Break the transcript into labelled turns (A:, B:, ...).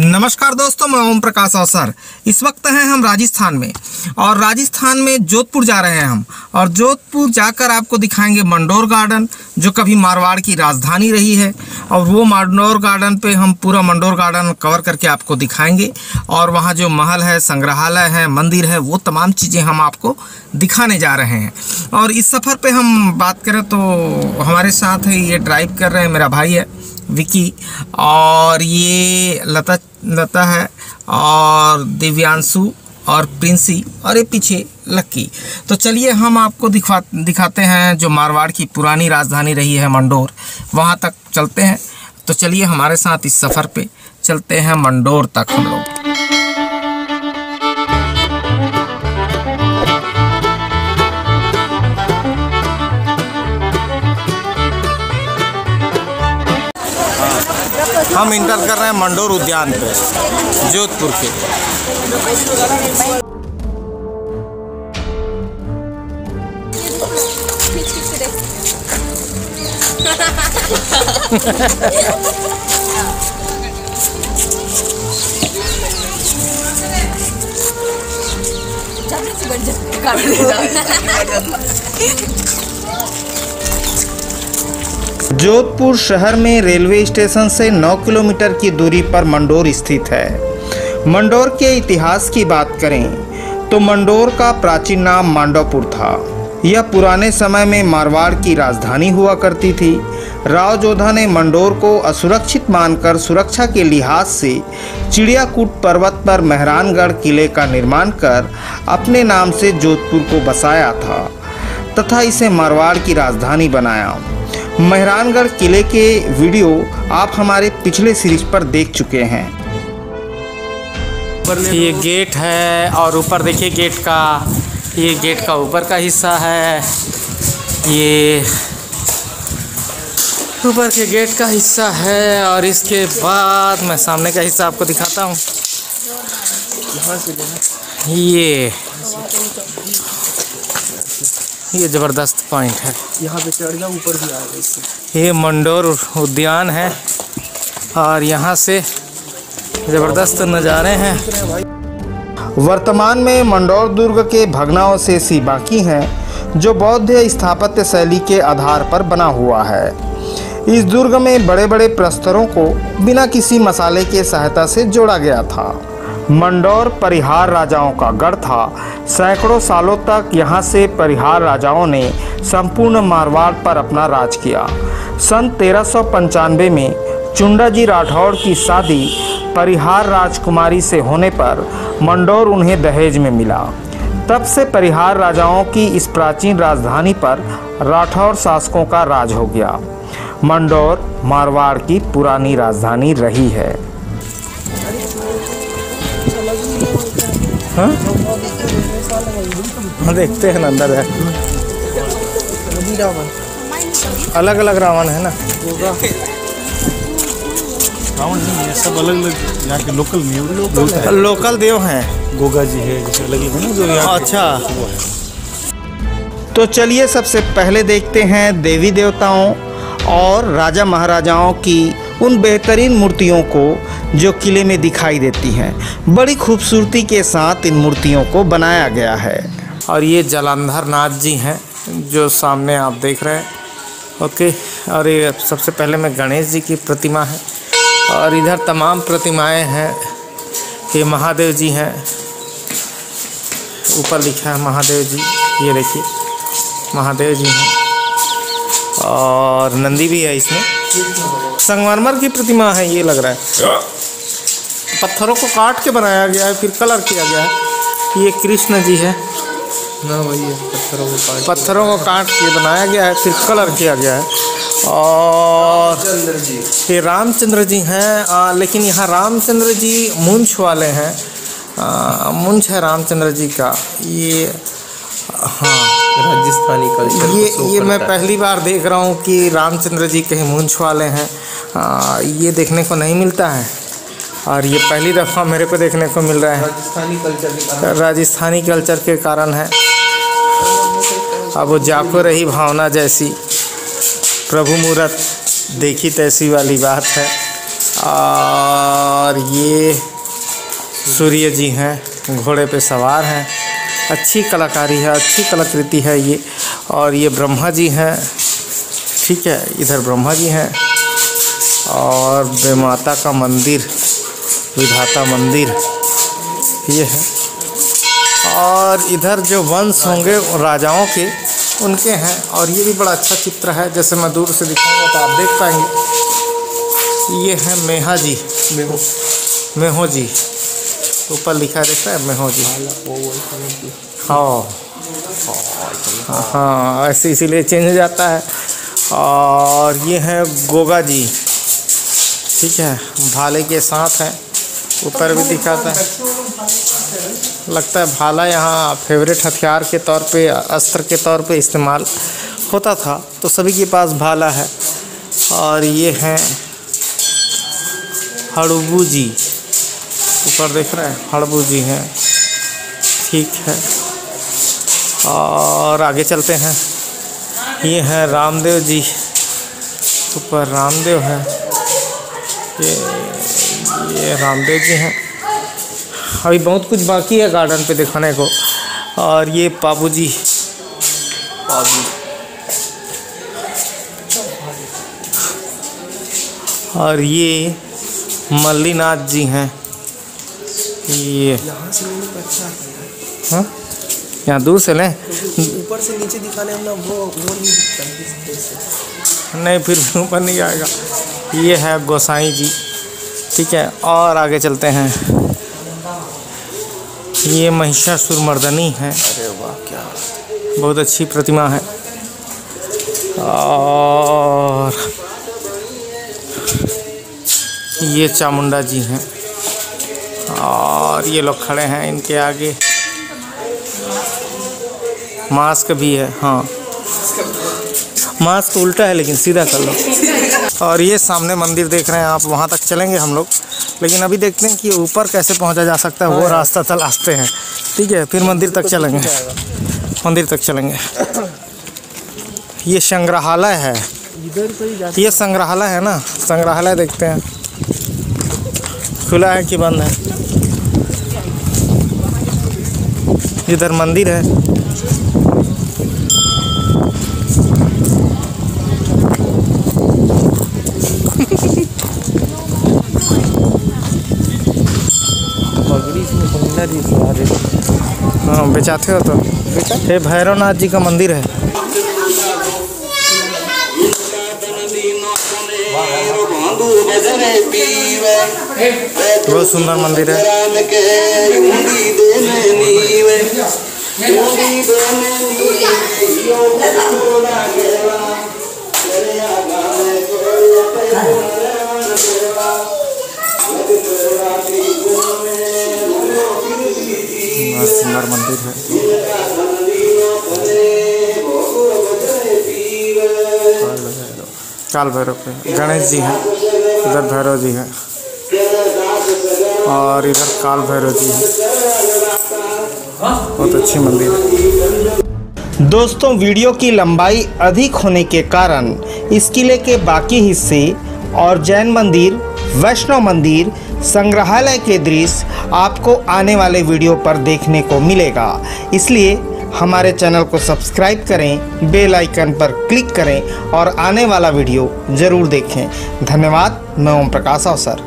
A: नमस्कार दोस्तों मैं ओम प्रकाश अवसर इस वक्त हैं हम राजस्थान में और राजस्थान में जोधपुर जा रहे हैं हम और जोधपुर जाकर आपको दिखाएंगे मंडोर गार्डन जो कभी मारवाड़ की राजधानी रही है और वो मंडोर गार्डन पे हम पूरा मंडोर गार्डन कवर करके आपको दिखाएंगे और वहाँ जो महल है संग्रहालय है मंदिर है वो तमाम चीज़ें हम आपको दिखाने जा रहे हैं और इस सफ़र पर हम बात करें तो हमारे साथ ये ड्राइव कर रहे हैं मेरा भाई है विकी और ये लता लता है और दिव्यांशु और प्रिंसी और ये पीछे लक्की तो चलिए हम आपको दिखा दिखाते हैं जो मारवाड़ की पुरानी राजधानी रही है मंडोर वहाँ तक चलते हैं तो चलिए हमारे साथ इस सफ़र पे चलते हैं मंडोर तक हम लोग हम इंटर कर रहे हैं मंडोर उद्यान पे जोधपुर के Jangan sih जोधपुर शहर में रेलवे स्टेशन से 9 किलोमीटर की दूरी पर मंडोर स्थित है मंडोर के इतिहास की बात करें तो मंडोर का प्राचीन नाम मांडोपुर था यह पुराने समय में मारवाड़ की राजधानी हुआ करती थी राव जोधा ने मंडोर को असुरक्षित मानकर सुरक्षा के लिहाज से चिड़ियाकूट पर्वत पर मेहरानगढ़ किले का निर्माण कर अपने नाम से जोधपुर को बसाया था तथा इसे मारवाड़ की राजधानी बनाया मेहरानगढ़ किले के वीडियो आप हमारे पिछले सीरीज पर देख चुके हैं ये गेट है और ऊपर देखिए गेट का ये गेट का ऊपर का हिस्सा है ये ऊपर के गेट का हिस्सा है और इसके बाद मैं सामने का हिस्सा आपको दिखाता हूँ ये ये ज़बरदस्त पॉइंट है यहाँ पे चढ़ गया ऊपर भी आ गया इससे ये मंडोर उद्यान है और यहाँ से ज़बरदस्त नज़ारे हैं वर्तमान में मंडौर दुर्ग के भगनाओं से सी बाकी हैं जो बौद्ध स्थापत्य शैली के आधार पर बना हुआ है इस दुर्ग में बड़े बड़े प्रस्तरों को बिना किसी मसाले के सहायता से जोड़ा गया था मंडौर परिहार राजाओं का गढ़ था सैकड़ों सालों तक यहाँ से परिहार राजाओं ने संपूर्ण मारवाड़ पर अपना राज किया सन तेरह में चुंडाजी राठौड़ की शादी परिहार राजकुमारी से होने पर मंडौर उन्हें दहेज में मिला तब से परिहार राजाओं की इस प्राचीन राजधानी पर राठौर शासकों का राज हो गया मंडौर मारवाड़ की पुरानी राजधानी रही है हाँ? हाँ देखते हैं अंदर है अलग अलग रावण है ना रावण नहीं है सब अलग अलग यहाँ के लोकल नहीं है लोकल, लोकल देव हैं गोगा जी है जैसे अलग है ना जो यहाँ अच्छा वो है तो चलिए सबसे पहले देखते हैं देवी देवताओं और राजा महाराजाओं की उन बेहतरीन मूर्तियों को जो किले में दिखाई देती हैं बड़ी खूबसूरती के साथ इन मूर्तियों को बनाया गया है और ये जलंधर नाथ जी हैं जो सामने आप देख रहे हैं ओके और ये सबसे पहले में गणेश जी की प्रतिमा है और इधर तमाम प्रतिमाएं हैं ये महादेव जी हैं ऊपर लिखा है महादेव जी ये देखिए महादेव जी हैं और नंदी भी है इसमें संगमरमर की प्रतिमा है ये लग रहा है पत्थरों को काट के बनाया गया है फिर कलर किया गया है ये कृष्ण जी है ना भैया पत्थरों को काट पत्थरों को काट के बनाया गया है फिर कलर किया गया है और ये रामचंद्र जी हैं लेकिन यहाँ रामचंद्र जी मुंछ वाले हैं मुंछ है रामचंद्र जी का ये हाँ राजस्थानी कल्चर ये ये मैं पहली बार देख रहा हूँ कि रामचंद्र जी कहीं मूंछ वाले हैं आ, ये देखने को नहीं मिलता है और ये पहली दफ़ा मेरे को देखने को मिल रहा है राजस्थानी कल्चर राजस्थानी कल्चर के कारण है अब वो जाको रही भावना जैसी प्रभु मुहूर्त देखी तैसी वाली बात है और ये सूर्य जी हैं घोड़े पे सवार हैं अच्छी कलाकारी है अच्छी कलाकृति है ये और ये ब्रह्मा जी हैं ठीक है इधर ब्रह्मा जी हैं और माता का मंदिर विधाता मंदिर ये है और इधर जो वंश होंगे राजाओं के उनके हैं और ये भी बड़ा अच्छा चित्र है जैसे मैं दूर से दिखाऊंगा तो आप देख पाएंगे ये है मेहा जी मेहो मेहो जी ऊपर लिखा रहता है मैं हो जी हाँ हाँ, हाँ ऐसे इसीलिए चेंज हो जाता है और ये हैं गोगा जी ठीक है भाले के साथ हैं ऊपर भी दिखाता है लगता है भाला यहाँ फेवरेट हथियार के तौर पे अस्त्र के तौर पे इस्तेमाल होता था तो सभी के पास भाला है और ये हैं हड़बू जी ऊपर देख रहे हैं हड़बूजी है ठीक है और आगे चलते हैं ये है रामदेव जी ऊपर रामदेव है ये ये रामदेव जी हैं अभी बहुत कुछ बाकी है गार्डन पे दिखाने को और ये पापू जी और ये मल्लीनाथ जी हैं ये यहाँ हाँ यहाँ दूर से लें ऊपर से नीचे दिखाने हम वो वो नहीं नहीं फिर ऊपर नहीं आएगा ये है गोसाई जी ठीक है और आगे चलते हैं ये महिषासुर मर्दनी है अरे वाह क्या बहुत अच्छी प्रतिमा है और ये चामुंडा जी हैं और ये लोग खड़े हैं इनके आगे मास्क भी है हाँ मास्क तो उल्टा है लेकिन सीधा कर लो और ये सामने मंदिर देख रहे हैं आप वहाँ तक चलेंगे हम लोग लेकिन अभी देखते हैं कि ऊपर कैसे पहुँचा जा सकता है वो हाँ। रास्ता तलाशते हैं ठीक है फिर मंदिर तक चलेंगे मंदिर तक चलेंगे ये संग्रहालय है ये संग्रहालय है ना संग्रहालय देखते हैं खुला है कि बंद है इधर मंदिर है हाँ बेचाते हो तो ये भैरवनाथ जी का मंदिर है बहुत सुंदर मंदिर है सुंदर मंदिर है काल भैरव पे गणेश जी हैं इधर भैरव जी हैं और इधर काल भैरव जी हैं बहुत अच्छी मंदिर है दोस्तों वीडियो की लंबाई अधिक होने के कारण इस किले के बाकी हिस्से और जैन मंदिर वैष्णव मंदिर संग्रहालय के दृश्य आपको आने वाले वीडियो पर देखने को मिलेगा इसलिए हमारे चैनल को सब्सक्राइब करें बेल आइकन पर क्लिक करें और आने वाला वीडियो ज़रूर देखें धन्यवाद मैं ओम प्रकाश अवसर